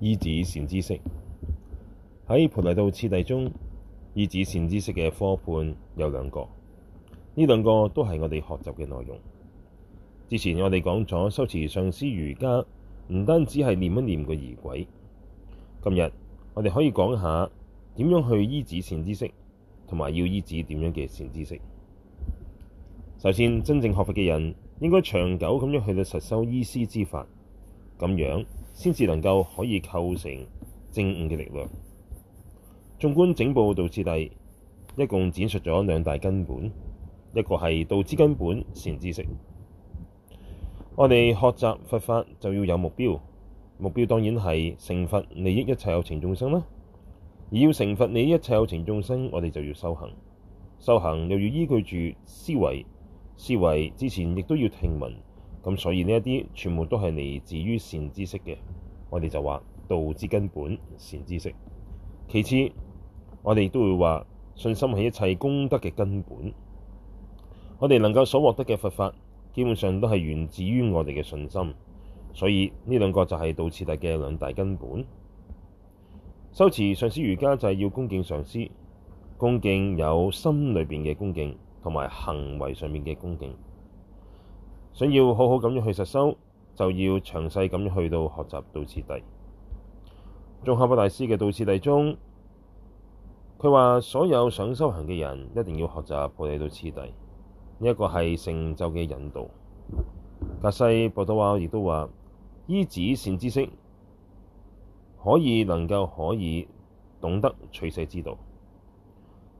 依止善知識，喺《菩提道次第》中，依止善知識嘅科判有兩個，呢兩個都係我哋學習嘅內容。之前我哋講咗修持上師瑜伽，唔單止係念一念個儀軌。今日我哋可以講下點樣去依止善知識，同埋要依止點樣嘅善知識。首先，真正學佛嘅人應該長久咁樣去到實修依師之法。咁樣，先至能夠可以構成證悟嘅力量。縱觀整部道次第，一共闡述咗兩大根本，一個係道之根本善知識。我哋學習佛法就要有目標，目標當然係成佛利益一切有情眾生啦。而要成佛，利益一切有情眾生，我哋就要修行，修行又要依據住思維，思維之前亦都要聽聞。咁所以呢一啲全部都係嚟自於善知識嘅，我哋就話道之根本善知識。其次，我哋都會話信心係一切功德嘅根本。我哋能夠所獲得嘅佛法，基本上都係源自於我哋嘅信心。所以呢兩個就係道次第嘅兩大根本。修持上師瑜伽就係要恭敬上師，恭敬有心裏邊嘅恭敬同埋行為上面嘅恭敬。想要好好咁樣去實修，就要詳細咁樣去到學習道次第。宗喀巴大師嘅道次第中，佢話：所有想修行嘅人一定要學習菩提道次第，呢一個係成就嘅引導。格西博多瓦亦都話：依止善知識可以能夠可以懂得取捨之道，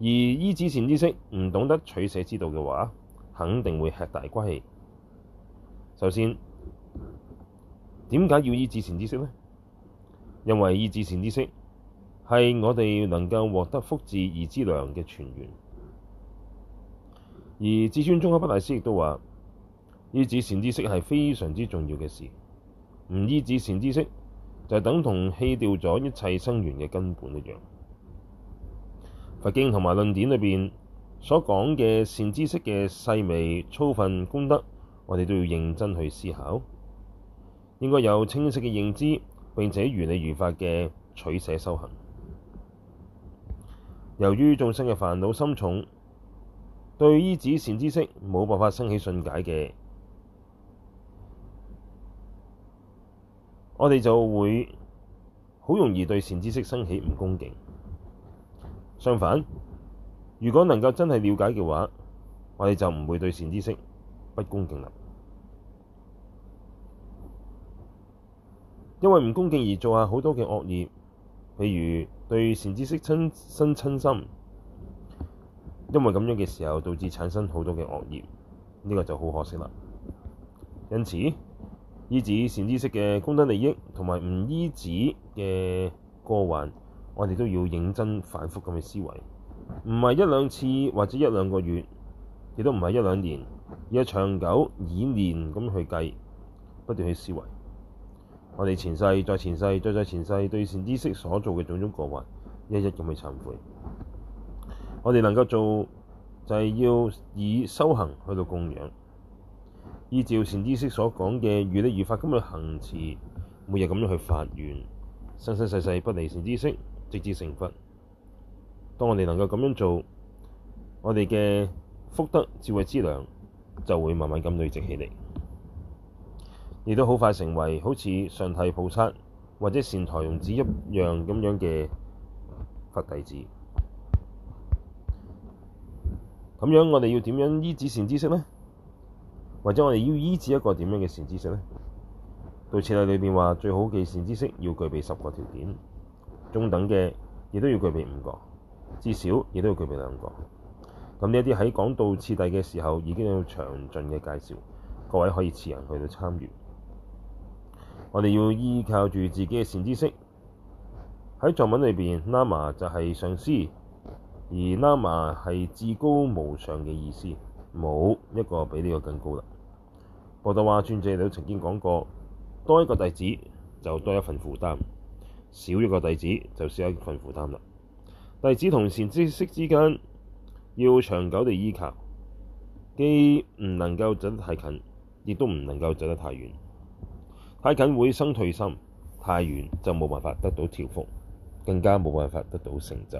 而依止善知識唔懂得取捨之道嘅話，肯定會吃大虧。首先，點解要依止善知識呢？因為依止善知識係我哋能夠獲得福智二資糧嘅泉源。而至尊宗喀巴大師亦都話：依止善知識係非常之重要嘅事。唔依止善知識，就等同棄掉咗一切生源嘅根本一樣。佛經同埋論典裏邊所講嘅善知識嘅細微粗分功德。我哋都要認真去思考，應該有清晰嘅認知，並且如理如法嘅取捨修行。由於眾生嘅煩惱深重，對依止善知識冇辦法生起信解嘅，我哋就會好容易對善知識生起唔恭敬。相反，如果能夠真係了解嘅話，我哋就唔會對善知識不恭敬啦。因為唔恭敬而做下好多嘅惡業，譬如對善知識生憎恨心，因為咁樣嘅時候，導致產生好多嘅惡業，呢個就好可惜啦。因此，依止善知識嘅功德利益同埋唔依止嘅過患，我哋都要認真反覆咁去思維，唔係一兩次或者一兩個月，亦都唔係一兩年，要長久以年咁去計，不斷去思維。我哋前世再前世再再前世對善知識所做嘅種種過患，一一咁去懺悔。我哋能夠做，就係、是、要以修行去到供養，依照善知識所講嘅，如理如法咁去行持，每日咁樣去發願，生生世世不離善知識，直至成佛。當我哋能夠咁樣做，我哋嘅福德智慧之量就會慢慢咁累積起嚟。亦都好快成為好似常啼菩薩或者善財童子一樣咁樣嘅佛弟子。咁樣我哋要點樣依止善知識呢？或者我哋要依止一個點樣嘅善知識呢？《道次第》裏面話最好嘅善知識要具備十個條件，中等嘅亦都要具備五個，至少亦都要具備兩個。咁呢啲喺講《道次第》嘅時候已經有詳盡嘅介紹，各位可以自行去到參閱。我哋要依靠住自己嘅善知識，喺藏文裏邊，喇嘛就係上師，而喇嘛係至高無上嘅意思，冇一個比呢個更高啦。博多瓦尊者都曾經講過，多一個弟子就多一份負擔，少一個弟子就少一份負擔啦。弟子同善知識之間要長久地依靠，既唔能夠走得太近，亦都唔能夠走得太遠。太近會生退心，太遠就冇辦法得到調伏，更加冇辦法得到成就。